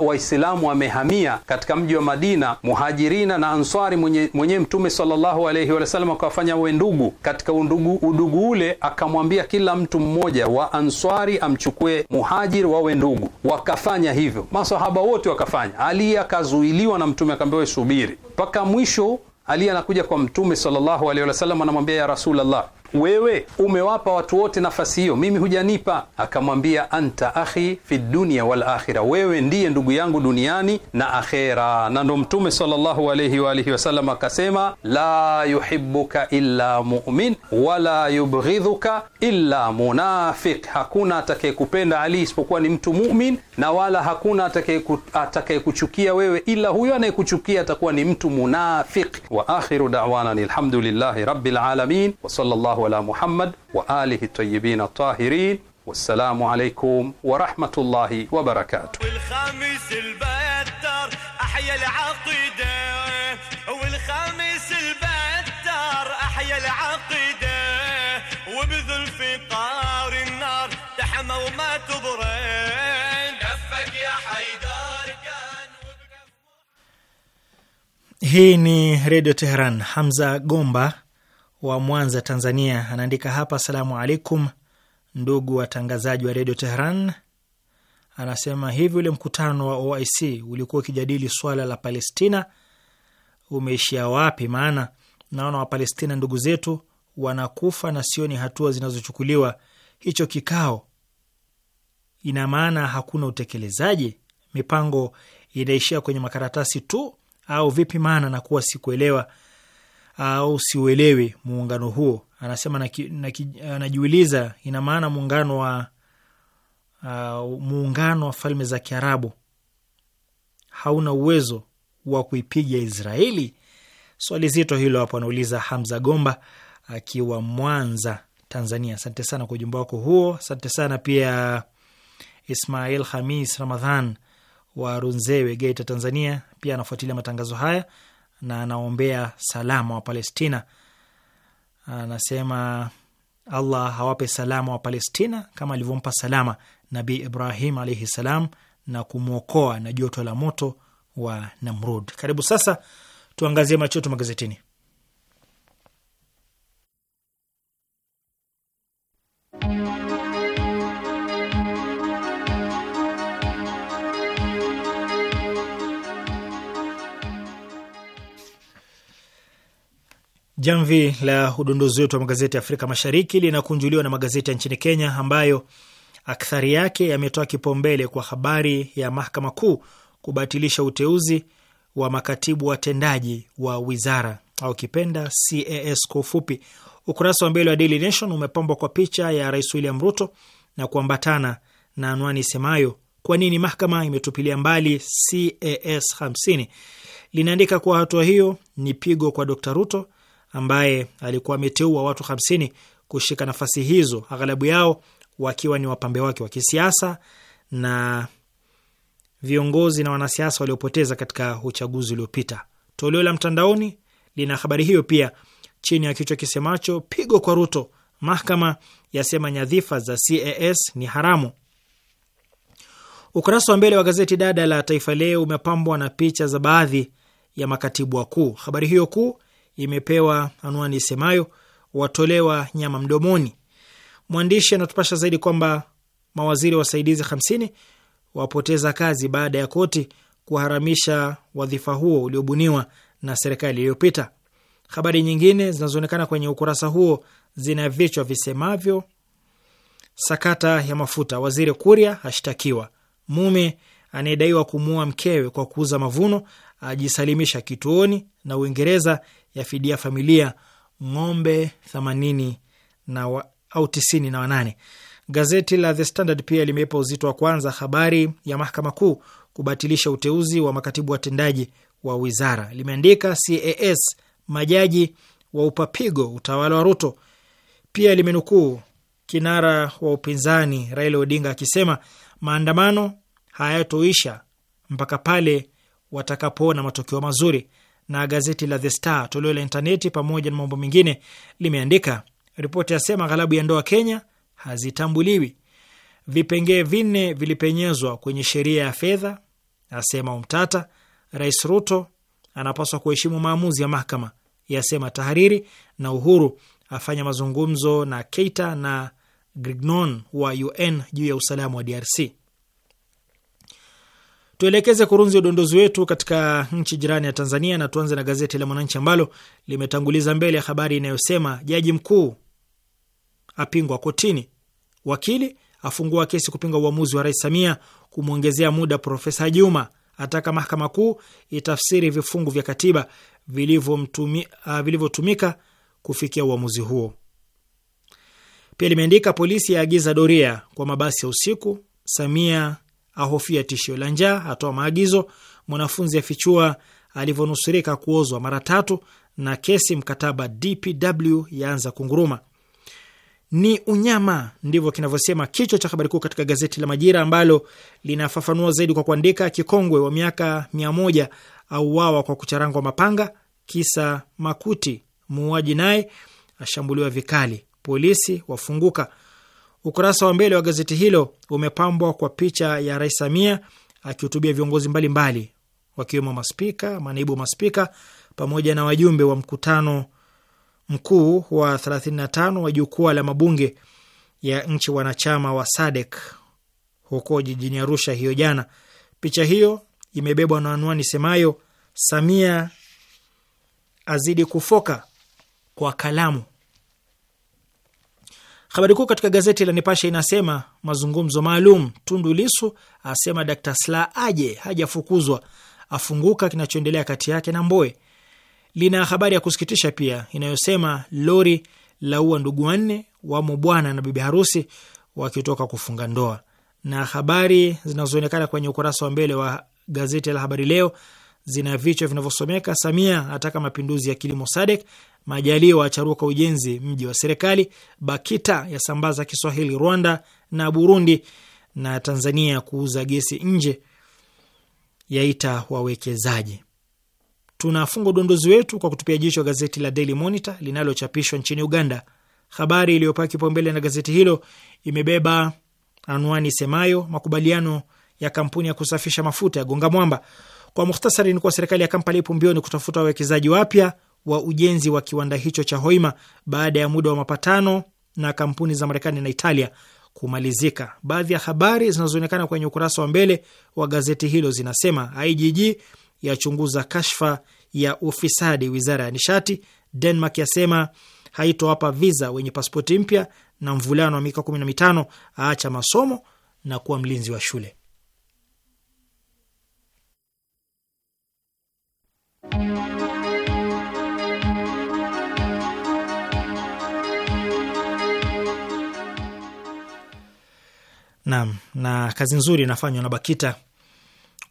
S4: Waislamu wa, wamehamia katika mji wa Madina, Muhajirina na Answari mwenye, mwenye Mtume sallallahu alaihi wasallam akawafanya we ndugu katika undugu, udugu ule akamwambia kila mtu mmoja wa Answari amchukue Muhajiri wawe ndugu. Wakafanya hivyo, masahaba wote wakafanya. Ali akazuiliwa na Mtume akaambiwa subiri mpaka mwisho. Ali anakuja kwa Mtume sallallahu alaihi wasallam anamwambia ya Rasulullah wewe umewapa watu wote nafasi hiyo, mimi hujanipa. Akamwambia, anta akhi fi dunia wal akhira, wewe ndiye ndugu yangu duniani na akhera. Na ndo Mtume sallallahu alayhi wa alihi wasallam akasema, la yuhibuka illa mu'min wala yubghidhuka illa munafiq, hakuna atakayekupenda Ali isipokuwa ni mtu mu'min, na wala hakuna atakayekuchukia wewe ila huyo anayekuchukia atakuwa ni mtu munafiq. Wa akhiru da'wana alhamdulillahi rabbil alamin wa sallallahu ولا محمد وآله الطيبين الطاهرين والسلام عليكم ورحمة الله وبركاته
S2: والخامس البتر أحيا العقيدة والخامس البتر أحيا العقيدة وبذل في قار النار تحمى وما تبرين كفك يا حيدار كان
S1: hii هيني redio تهران حمزة Gomba wa Mwanza, Tanzania, anaandika hapa, asalamu alaikum, ndugu watangazaji wa redio Tehran. Anasema hivi, ule mkutano wa OIC ulikuwa ukijadili swala la Palestina umeishia wapi? Maana naona Wapalestina ndugu zetu wanakufa na sioni hatua zinazochukuliwa. Hicho kikao ina maana hakuna utekelezaji, mipango inaishia kwenye makaratasi tu au vipi? Maana nakuwa sikuelewa au siuelewi muungano huo. Anasema na, na, anajiuliza ina maana muungano wa uh, muungano wa falme za Kiarabu hauna uwezo wa kuipiga Israeli. Swali zito hilo hapo, anauliza Hamza Gomba akiwa Mwanza, Tanzania. Asante sana kwa ujumbe wako huo. Asante sana pia Ismail Hamis Ramadhan wa Runzewe, Geita, Tanzania, pia anafuatilia matangazo haya na anaombea salama wa Palestina. Anasema Allah hawape salama wa Palestina kama alivyompa salama Nabii Ibrahim alaihi salam na kumwokoa na joto la moto wa Namrud. Karibu sasa tuangazie macho yetu magazetini. Jamvi la udondozi wetu wa magazeti ya Afrika Mashariki linakunjuliwa na magazeti ya nchini Kenya ambayo akthari yake yametoa kipaumbele kwa habari ya mahakama kuu kubatilisha uteuzi wa makatibu watendaji wa wizara au kipenda CAS kwa ufupi. Ukurasa wa mbele wa Daily Nation umepambwa kwa picha ya Rais William Ruto na kuambatana na anwani isemayo kwa nini mahakama imetupilia mbali CAS 50. Linaandika kuwa hatua hiyo ni pigo kwa Dr Ruto ambaye alikuwa ameteua watu 50 kushika nafasi hizo, aghalabu yao wakiwa ni wapambe wake wa kisiasa na viongozi na wanasiasa waliopoteza katika uchaguzi uliopita. Toleo la mtandaoni lina habari hiyo pia chini ya kichwa kisemacho pigo kwa Ruto, mahakama yasema nyadhifa za CAS ni haramu. Ukurasa wa mbele wa gazeti dada la Taifa Leo umepambwa na picha za baadhi ya makatibu wakuu. Habari hiyo kuu imepewa anwani isemayo watolewa nyama mdomoni. Mwandishi anatupasha zaidi kwamba mawaziri wasaidizi 50 wapoteza kazi baada ya koti kuharamisha wadhifa huo uliobuniwa na serikali iliyopita. Habari nyingine zinazoonekana kwenye ukurasa huo zina vichwa visemavyo: sakata ya mafuta, waziri Kuria ashtakiwa; mume anayedaiwa kumuua mkewe kwa kuuza mavuno ajisalimisha kituoni; na Uingereza ya fidia familia ng'ombe themanini na wa, au tisini na wanane. Gazeti la The Standard pia limeipa uzito wa kwanza habari ya mahakama kuu kubatilisha uteuzi wa makatibu watendaji wa wizara. Limeandika CAS majaji wa upapigo utawala wa Ruto. Pia limenukuu kinara wa upinzani Raila Odinga akisema maandamano hayatoisha mpaka pale watakapoona matokeo mazuri na gazeti la The Star toleo la intaneti, pamoja na mambo mengine, limeandika ripoti yasema ghalabu ya ndoa Kenya hazitambuliwi, vipengee vinne vilipenyezwa kwenye sheria ya fedha, asema Umtata, Rais Ruto anapaswa kuheshimu maamuzi ya mahakama, yasema Tahariri, na Uhuru afanya mazungumzo na Keita na Grignon wa UN juu ya usalama wa DRC. Tuelekeze kurunzi udondozi wetu katika nchi jirani ya Tanzania na tuanze na gazeti la Mwananchi ambalo limetanguliza mbele ya habari inayosema jaji mkuu apingwa kotini, wakili afungua kesi kupinga uamuzi wa Rais Samia kumwongezea muda Profesa Juma, ataka mahakama kuu itafsiri vifungu vya katiba ah, vilivyotumika kufikia uamuzi huo. Pia limeandika polisi yaagiza doria kwa mabasi ya usiku, Samia ahofia tishio la njaa, atoa maagizo, mwanafunzi afichua alivyonusurika kuozwa mara tatu, na kesi mkataba DPW yaanza kunguruma. Ni unyama, ndivyo kinavyosema kichwa cha habari kuu katika gazeti la Majira, ambalo linafafanua zaidi kwa kuandika, kikongwe wa miaka mia moja auawa kwa kucharangwa mapanga, kisa Makuti muuaji naye ashambuliwa vikali, polisi wafunguka Ukurasa wa mbele wa gazeti hilo umepambwa kwa picha ya Rais Samia akihutubia viongozi mbalimbali wakiwemo maspika, manaibu maspika pamoja na wajumbe wa mkutano mkuu wa 35 wa jukwaa la mabunge ya nchi wanachama wa SADC huko jijini Arusha hiyo jana. Picha hiyo imebebwa na anwani semayo Samia azidi kufoka kwa kalamu. Habari kuu katika gazeti la Nipashe inasema mazungumzo maalum, Tundu Lisu asema Dr. Sla aje hajafukuzwa, afunguka kinachoendelea kati yake na Mboe. Lina habari ya kusikitisha pia inayosema lori la ua ndugu wanne, wamo bwana na bibi harusi wakitoka kufunga ndoa. Na habari zinazoonekana kwenye ukurasa wa mbele wa gazeti la Habari Leo zina vichwa vinavyosomeka: Samia ataka mapinduzi ya kilimo Sadek, Majaliwa acharuka ujenzi mji wa serikali, BAKITA yasambaza Kiswahili Rwanda na Burundi, na Tanzania kuuza gesi nje yaita wawekezaji. Tunafunga udondozi wetu kwa kutupia jicho gazeti la Daily Monitor linalochapishwa nchini Uganda. Habari iliyopewa kipaumbele na gazeti hilo imebeba anwani semayo makubaliano ya kampuni ya kusafisha mafuta ya gonga mwamba. Kwa muhtasari, ni kuwa serikali ya Kampala ipo mbioni kutafuta wawekezaji wapya wa ujenzi wa kiwanda hicho cha Hoima baada ya muda wa mapatano na kampuni za Marekani na Italia kumalizika. Baadhi ya habari zinazoonekana kwenye ukurasa wa mbele wa gazeti hilo zinasema IGG yachunguza kashfa ya ufisadi wizara ya nishati, Denmark yasema haitowapa viza wenye paspoti mpya, na mvulano wa miaka 15 aacha masomo na kuwa mlinzi wa shule. Naam, na kazi nzuri inafanywa na BAKITA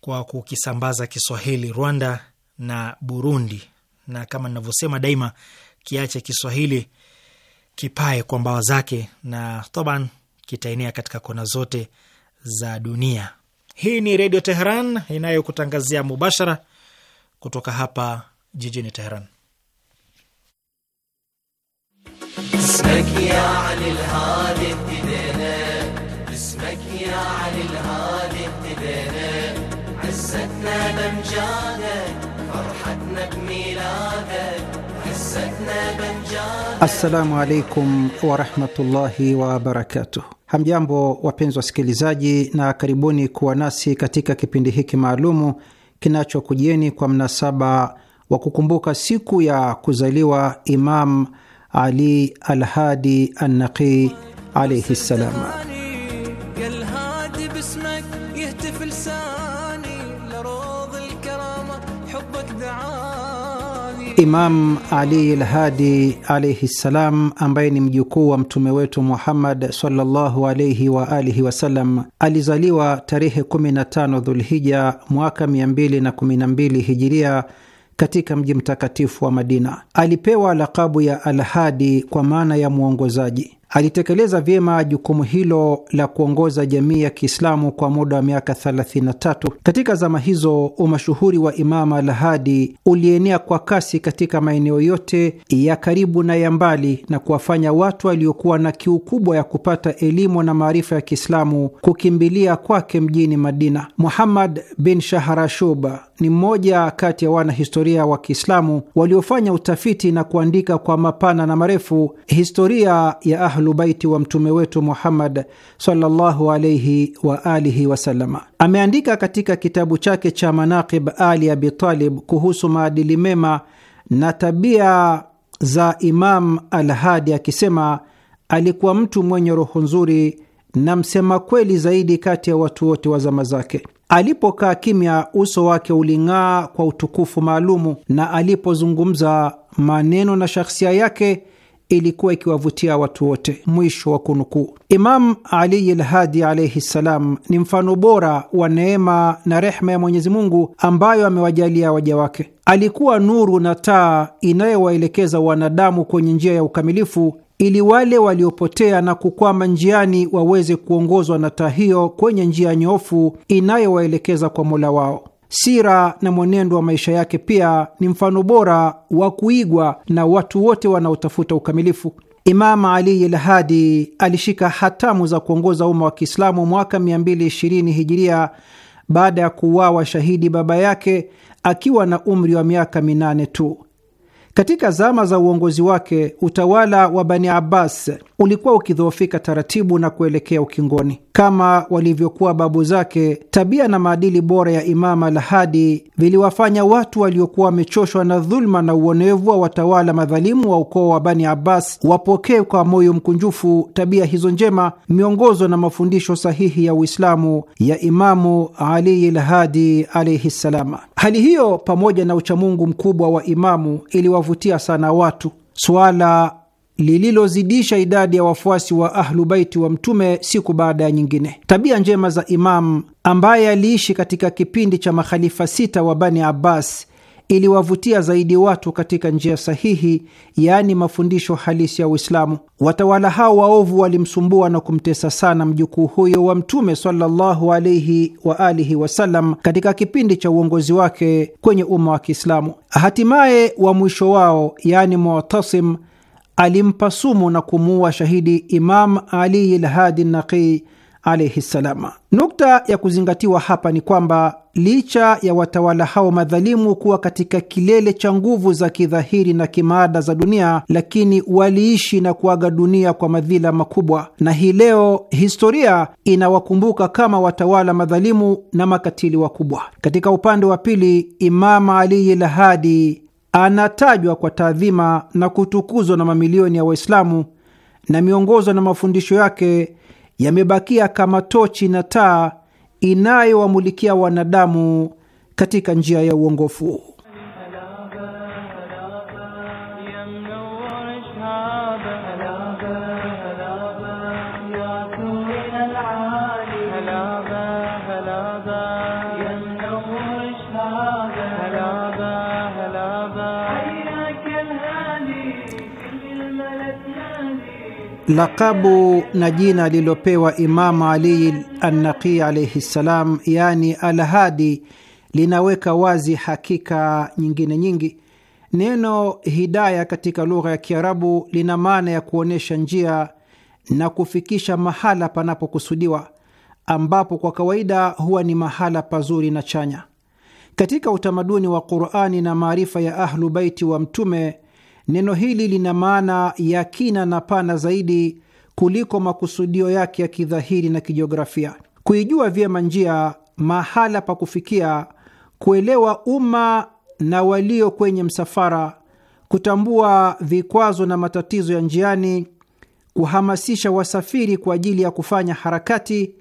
S1: kwa kukisambaza Kiswahili Rwanda na Burundi, na kama ninavyosema daima, kiache Kiswahili kipae kwa mbawa zake, na toban kitaenea katika kona zote za dunia. Hii ni Redio Teheran inayokutangazia mubashara kutoka hapa jijini Teheran.
S3: يا علي الهادي ابتدينا
S2: عزتنا بمجادك فرحتنا بميلادك
S5: Hamjambo, wapenzi wasikilizaji, na karibuni kuwa nasi katika kipindi hiki maalumu kinachokujieni kwa mnasaba wa kukumbuka siku ya kuzaliwa Imam Ali Alhadi Annaqi alaihi ssalam. Imam Ali Lhadi alaihi ssalam, ambaye ni mjukuu wa mtume wetu Muhammad sallallahu alaihi wa alihi wasallam, alizaliwa tarehe 15 Dhulhija mwaka 212 hijiria katika mji mtakatifu wa Madina. Alipewa lakabu ya Alhadi kwa maana ya mwongozaji. Alitekeleza vyema jukumu hilo la kuongoza jamii ya Kiislamu kwa muda wa miaka 33. Katika zama hizo, umashuhuri wa imama Alhadi ulienea kwa kasi katika maeneo yote ya karibu na ya mbali, na kuwafanya watu waliokuwa na kiu kubwa ya kupata elimu na maarifa ya Kiislamu kukimbilia kwake mjini Madina. Muhammad bin Shahrashub ni mmoja kati ya wanahistoria wa Kiislamu waliofanya utafiti na kuandika kwa mapana na marefu historia ya Ahlu ahlubaiti wa mtume wetu Muhammad sallallahu alaihi wa alihi wasalama. Ameandika katika kitabu chake cha Manaqib Ali abitalib kuhusu maadili mema na tabia za Imam Alhadi akisema, alikuwa mtu mwenye roho nzuri na msema kweli zaidi kati ya watu wote wa zama zake. Alipokaa kimya, uso wake uling'aa kwa utukufu maalumu, na alipozungumza maneno na shakhsia yake ilikuwa ikiwavutia watu wote. Mwisho wa kunukuu. Imam Ali lhadi alaihi ssalam ni mfano bora wa neema na rehma ya Mwenyezi Mungu ambayo amewajalia waja wake. Alikuwa nuru na taa inayowaelekeza wanadamu kwenye njia ya ukamilifu ili wale waliopotea na kukwama njiani waweze kuongozwa na taa hiyo kwenye njia nyofu inayowaelekeza kwa Mola wao. Sira na mwenendo wa maisha yake pia ni mfano bora wa kuigwa na watu wote wanaotafuta ukamilifu. Imam Ali al alishika hatamu za kuongoza umma wa Kiislamu mwaka 220 hijiria baada ya kuuawa shahidi baba yake akiwa na umri wa miaka minane tu. Katika zama za uongozi wake, utawala wa Bani Abbas ulikuwa ukidhoofika taratibu na kuelekea ukingoni. Kama walivyokuwa babu zake, tabia na maadili bora ya Imam Al-Hadi viliwafanya watu waliokuwa wamechoshwa na dhuluma na uonevu wa watawala madhalimu wa ukoo wa Bani Abbas wapokee kwa moyo mkunjufu tabia hizo njema, miongozo na mafundisho sahihi ya Uislamu ya Imamu Ali lhadi alaihi ssalam. Hali hiyo pamoja na uchamungu mkubwa wa Imamu iliwa kuwavutia sana watu, suala lililozidisha idadi ya wafuasi wa Ahlu Baiti wa Mtume siku baada ya nyingine. Tabia njema za Imam ambaye aliishi katika kipindi cha makhalifa sita wa Bani Abbas iliwavutia zaidi watu katika njia sahihi, yaani mafundisho halisi ya Uislamu. Watawala hao waovu walimsumbua na kumtesa sana mjukuu huyo wa Mtume sallallahu alaihi wa alihi wasallam katika kipindi cha uongozi wake kwenye umma wa Kiislamu. Hatimaye wa mwisho wao, yaani mutasim alimpa sumu na kumuua shahidi Imam Ali lhadi naqii alaihi ssalama. Nukta ya kuzingatiwa hapa ni kwamba licha ya watawala hao madhalimu kuwa katika kilele cha nguvu za kidhahiri na kimaada za dunia, lakini waliishi na kuaga dunia kwa madhila makubwa, na hii leo historia inawakumbuka kama watawala madhalimu na makatili wakubwa. Katika upande wa pili, Imama Ali Lahadi anatajwa kwa taadhima na kutukuzwa na mamilioni ya Waislamu na miongozwa na mafundisho yake yamebakia kama tochi na taa inayowamulikia wanadamu katika njia ya uongofu. Lakabu na jina lililopewa Imamu Ali Annaqi alaihi ssalam, yani Alhadi, linaweka wazi hakika nyingine nyingi. Neno hidaya katika lugha ya Kiarabu lina maana ya kuonyesha njia na kufikisha mahala panapokusudiwa, ambapo kwa kawaida huwa ni mahala pazuri na chanya. Katika utamaduni wa Qurani na maarifa ya Ahlu Baiti wa Mtume Neno hili lina maana ya kina na pana zaidi kuliko makusudio yake ya kidhahiri na kijiografia. Kuijua vyema njia, mahala pa kufikia, kuelewa umma na walio kwenye msafara, kutambua vikwazo na matatizo ya njiani, kuhamasisha wasafiri kwa ajili ya kufanya harakati,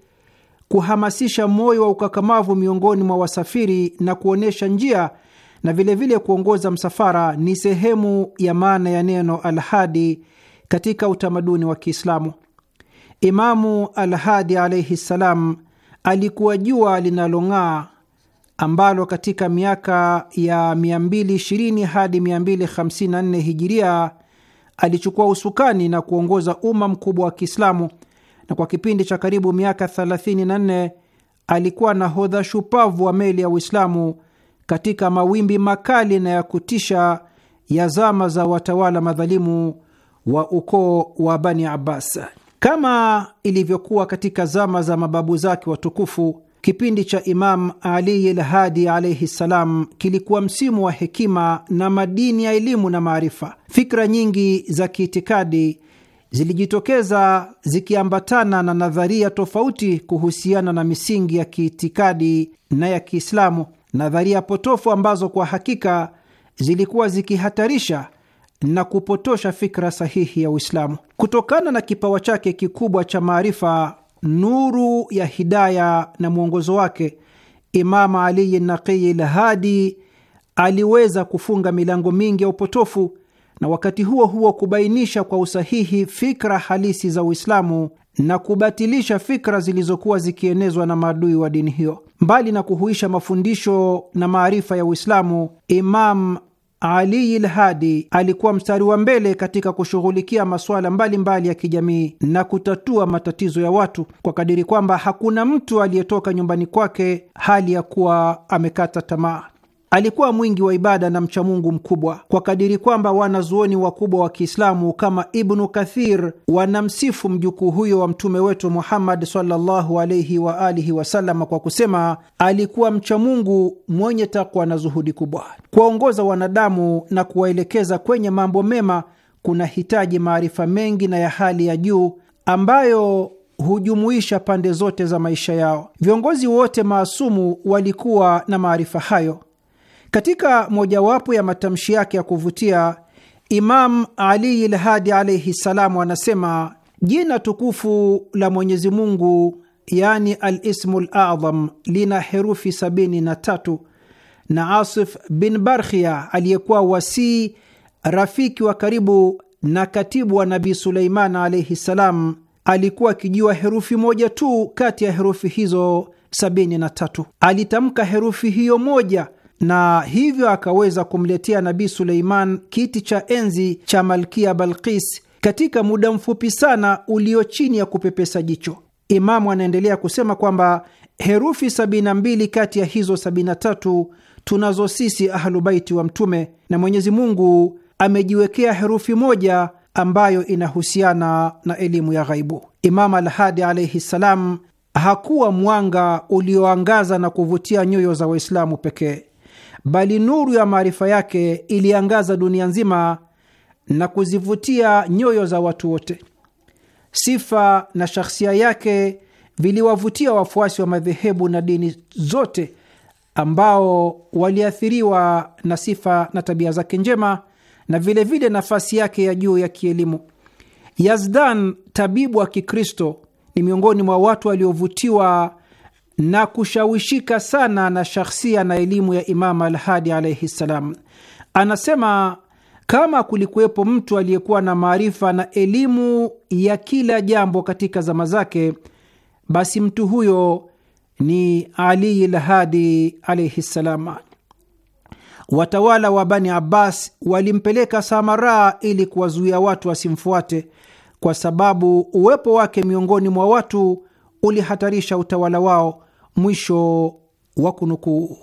S5: kuhamasisha moyo wa ukakamavu miongoni mwa wasafiri na kuonyesha njia na vilevile vile kuongoza msafara ni sehemu ya maana ya neno alhadi katika utamaduni wa Kiislamu. Imamu Alhadi alaihi ssalam alikuwa jua linalong'aa ambalo katika miaka ya 220 hadi 254 hijiria alichukua usukani na kuongoza umma mkubwa wa Kiislamu, na kwa kipindi cha karibu miaka 34 alikuwa nahodha shupavu wa meli ya Uislamu katika mawimbi makali na ya kutisha ya zama za watawala madhalimu wa ukoo wa Bani Abbas. Kama ilivyokuwa katika zama za mababu zake watukufu, kipindi cha Imam Ali lhadi alaihi ssalam kilikuwa msimu wa hekima na madini ya elimu na maarifa. Fikra nyingi za kiitikadi zilijitokeza zikiambatana na nadharia tofauti kuhusiana na misingi ya kiitikadi na ya Kiislamu nadharia potofu ambazo kwa hakika zilikuwa zikihatarisha na kupotosha fikra sahihi ya Uislamu. Kutokana na kipawa chake kikubwa cha maarifa, nuru ya hidaya na mwongozo wake, Imamu Aliyi Naqiyi Lhadi aliweza kufunga milango mingi ya upotofu na wakati huo huo kubainisha kwa usahihi fikra halisi za Uislamu na kubatilisha fikra zilizokuwa zikienezwa na maadui wa dini hiyo. Mbali na kuhuisha mafundisho na maarifa ya Uislamu, Imam Ali Ilhadi alikuwa mstari wa mbele katika kushughulikia masuala mbalimbali ya kijamii na kutatua matatizo ya watu, kwa kadiri kwamba hakuna mtu aliyetoka nyumbani kwake hali ya kuwa amekata tamaa. Alikuwa mwingi wa ibada na mchamungu mkubwa kwa kadiri kwamba wanazuoni wakubwa wa Kiislamu kama Ibnu Kathir wanamsifu mjukuu huyo wa mtume wetu Muhammad sallallahu alaihi wa alihi wasalama kwa kusema, alikuwa mchamungu mwenye takwa na zuhudi kubwa. Kuwaongoza wanadamu na kuwaelekeza kwenye mambo mema kuna hitaji maarifa mengi na ya hali ya juu ambayo hujumuisha pande zote za maisha yao. Viongozi wote maasumu walikuwa na maarifa hayo. Katika mojawapo ya matamshi yake ya kuvutia, Imam Ali Lhadi alaihi ssalamu anasema jina tukufu la Mwenyezi Mungu yani Alismu Ladham lina herufi sabini na tatu na Asif bin Barkhia aliyekuwa wasii, rafiki wa karibu na katibu wa Nabii Suleiman alaihi ssalam, alikuwa akijua herufi moja tu kati ya herufi hizo sabini na tatu. Alitamka herufi hiyo moja na hivyo akaweza kumletea Nabii Suleiman kiti cha enzi cha Malkia Balkis katika muda mfupi sana ulio chini ya kupepesa jicho. Imamu anaendelea kusema kwamba herufi 72 kati ya hizo 73 tunazo sisi Ahlubaiti wa Mtume, na Mwenyezi Mungu amejiwekea herufi moja ambayo inahusiana na elimu ya ghaibu. Imamu Alhadi alaihi ssalam hakuwa mwanga ulioangaza na kuvutia nyoyo za Waislamu pekee bali nuru ya maarifa yake iliangaza dunia nzima na kuzivutia nyoyo za watu wote. Sifa na shakhsia yake viliwavutia wafuasi wa madhehebu na dini zote ambao waliathiriwa na sifa na tabia zake njema na vilevile vile nafasi yake ya juu ya kielimu. Yazdan, tabibu wa Kikristo, ni miongoni mwa watu waliovutiwa na kushawishika sana na shakhsia na elimu ya Imam Alhadi alaihi ssalam. Anasema kama kulikuwepo mtu aliyekuwa na maarifa na elimu ya kila jambo katika zama zake, basi mtu huyo ni Ali Lhadi alaihi ssalam. Watawala wa Bani Abbas walimpeleka Samaraa ili kuwazuia watu wasimfuate, kwa sababu uwepo wake miongoni mwa watu ulihatarisha utawala wao. Mwisho wa kunukuu.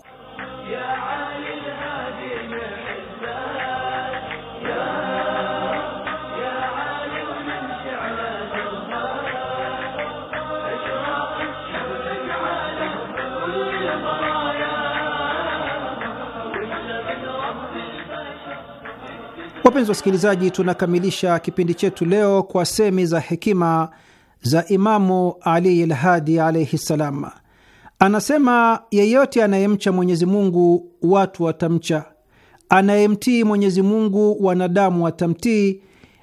S5: Wapenzi wasikilizaji, tunakamilisha kipindi chetu leo kwa semi za hekima za Imamu Ali Lhadi alaihi ssalam. Anasema, yeyote anayemcha Mwenyezi Mungu watu watamcha, anayemtii Mwenyezi Mungu wanadamu watamtii,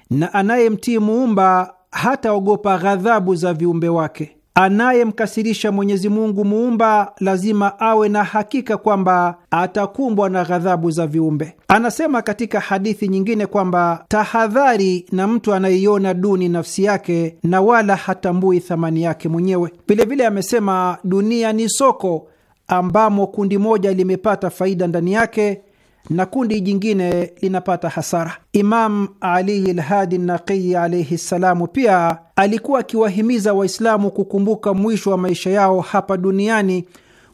S5: na anayemtii muumba hataogopa ghadhabu za viumbe wake. Anayemkasirisha Mwenyezi Mungu muumba lazima awe na hakika kwamba atakumbwa na ghadhabu za viumbe. Anasema katika hadithi nyingine kwamba tahadhari na mtu anayeiona duni nafsi yake na wala hatambui thamani yake mwenyewe. Vilevile amesema dunia ni soko ambamo kundi moja limepata faida ndani yake na kundi jingine linapata hasara. Imam Ali Lhadi Naqiyi alaihi ssalamu pia alikuwa akiwahimiza Waislamu kukumbuka mwisho wa maisha yao hapa duniani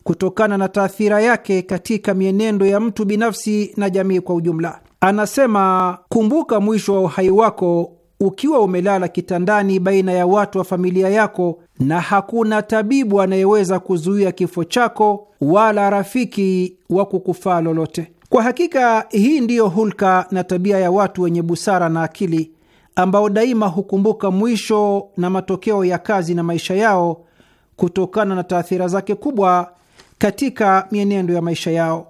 S5: kutokana na taathira yake katika mienendo ya mtu binafsi na jamii kwa ujumla. Anasema, kumbuka mwisho wa uhai wako ukiwa umelala kitandani baina ya watu wa familia yako, na hakuna tabibu anayeweza kuzuia kifo chako wala rafiki wa kukufaa lolote. Kwa hakika hii ndiyo hulka na tabia ya watu wenye busara na akili ambao daima hukumbuka mwisho na matokeo ya kazi na maisha yao kutokana na taathira zake kubwa katika mienendo ya maisha yao.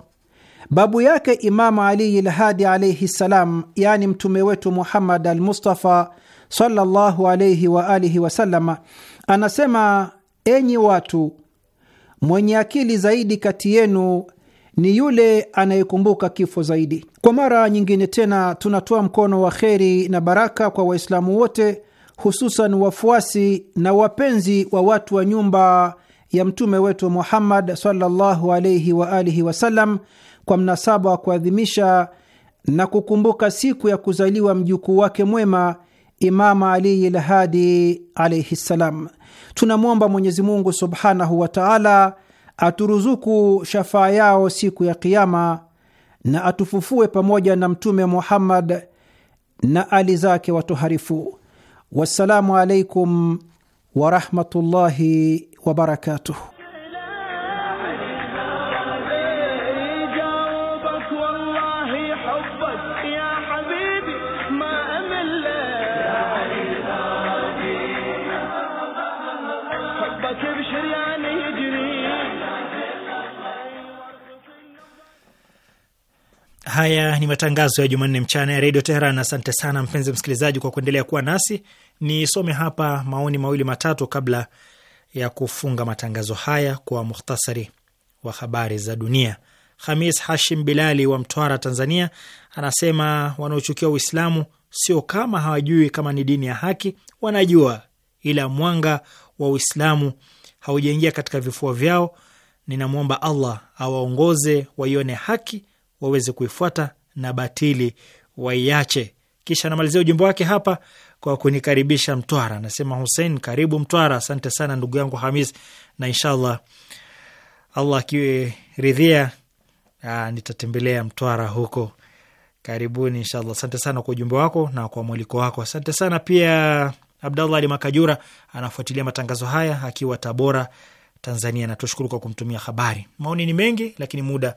S5: Babu yake Imamu Ali Lhadi alaihi ssalam, yaani mtume wetu Muhammad Almustafa sallallahu alaihi wa alihi wasalama, anasema: enyi watu, mwenye akili zaidi kati yenu ni yule anayekumbuka kifo zaidi. Kwa mara nyingine tena, tunatoa mkono wa kheri na baraka kwa Waislamu wote, hususan wafuasi na wapenzi wa watu wa nyumba ya mtume wetu Muhammad sallallahu alaihi wa alihi wasallam kwa mnasaba wa kuadhimisha na kukumbuka siku ya kuzaliwa mjukuu wake mwema Imama Ali Lhadi alaihi ssalam. Tunamwomba Mwenyezi Mungu subhanahu wa taala aturuzuku shafaa yao siku ya Kiama na atufufue pamoja na Mtume Muhammad na ali zake watoharifu. Wassalamu alaikum warahmatullahi
S1: wabarakatuh. Haya ni matangazo ya Jumanne mchana ya redio Teheran. Asante sana mpenzi msikilizaji kwa kuendelea kuwa nasi. Nisome hapa maoni mawili matatu kabla ya kufunga matangazo haya kwa muhtasari wa habari za dunia. Hamis Hashim Bilali wa Mtwara, Tanzania, anasema wanaochukia Uislamu sio kama hawajui kama ni dini ya haki, wanajua, ila mwanga wa Uislamu haujaingia katika vifua vyao. Ninamwomba Allah awaongoze waione haki waweze kuifuata na batili waiache. Kisha namalizia ujumbe wake hapa kwa kunikaribisha Mtwara. anasema Hussein, karibu Mtwara. Asante sana ndugu yangu Hamis, na inshallah Allah akiridhia ah, nitatembelea Mtwara huko karibuni, inshallah. Asante sana kwa ujumbe wako na kwa mwaliko wako, asante sana pia. Abdallah Ali Makajura anafuatilia matangazo haya akiwa Tabora, Tanzania, Natushukuru kwa kumtumia habari. Maoni ni mengi, lakini muda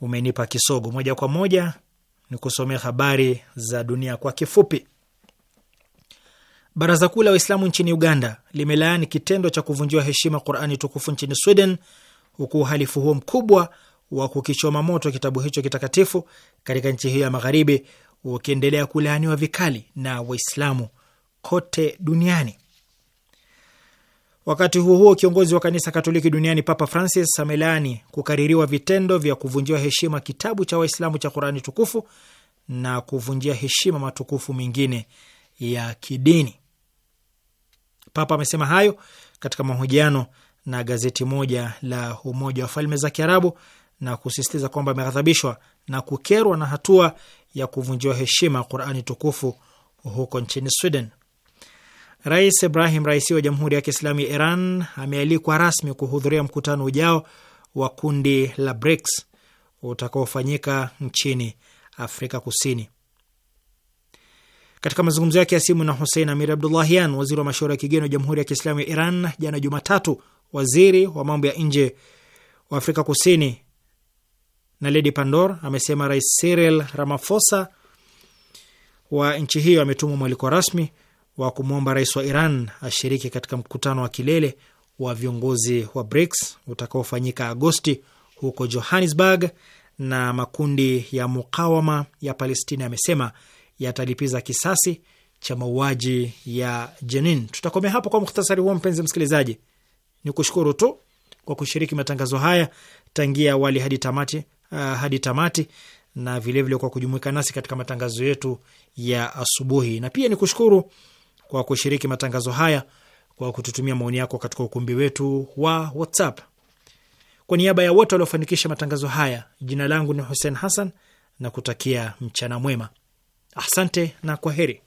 S1: umenipa kisogo. Moja kwa moja ni kusomea habari za dunia kwa kifupi. Baraza Kuu la Waislamu nchini Uganda limelaani kitendo cha kuvunjiwa heshima Qurani tukufu nchini Sweden, huku uhalifu huo mkubwa wa kukichoma moto kitabu hicho kitakatifu katika nchi hiyo ya magharibi ukiendelea kulaaniwa vikali na Waislamu kote duniani. Wakati huo huo, kiongozi wa kanisa Katoliki duniani Papa Francis amelaani kukaririwa vitendo vya kuvunjiwa heshima kitabu cha Waislamu cha Qurani tukufu na kuvunjia heshima matukufu mengine ya kidini. Papa amesema hayo katika mahojiano na gazeti moja la Umoja wa Falme za Kiarabu na kusisitiza kwamba ameghadhabishwa na kukerwa na hatua ya kuvunjiwa heshima Qurani tukufu huko nchini Sweden. Rais Ibrahim Raisi wa Jamhuri ya Kiislamu ya Iran amealikwa rasmi kuhudhuria mkutano ujao wa kundi la BRICS utakaofanyika nchini Afrika Kusini. Katika mazungumzo yake ya simu na Hussein Amir Abdullahian, waziri wa mashauri ya kigeni wa Jamhuri ya Kiislamu ya Iran, jana Jumatatu, waziri wa mambo ya nje wa Afrika Kusini na Naledi Pandor amesema Rais Cyril Ramaphosa wa nchi hiyo ametumwa mwaliko rasmi wa kumwomba rais wa Iran ashiriki katika mkutano wa kilele wa viongozi wa BRICS utakaofanyika Agosti huko Johannesburg, na makundi ya mukawama ya Palestina yamesema yatalipiza kisasi cha mauaji ya Jenin. Tutakomea hapo kwa muhtasari huo. Mpenzi msikilizaji, ni kushukuru tu kwa kushiriki matangazo haya tangia awali hadi tamati, uh, hadi tamati na vilevile vile kwa kujumuika nasi katika matangazo yetu ya asubuhi, na pia ni kushukuru kwa kushiriki matangazo haya kwa kututumia maoni yako katika ukumbi wetu wa WhatsApp. Kwa niaba ya wote waliofanikisha matangazo haya, jina langu ni Hussein Hassan na kutakia mchana mwema. Asante na kwa heri.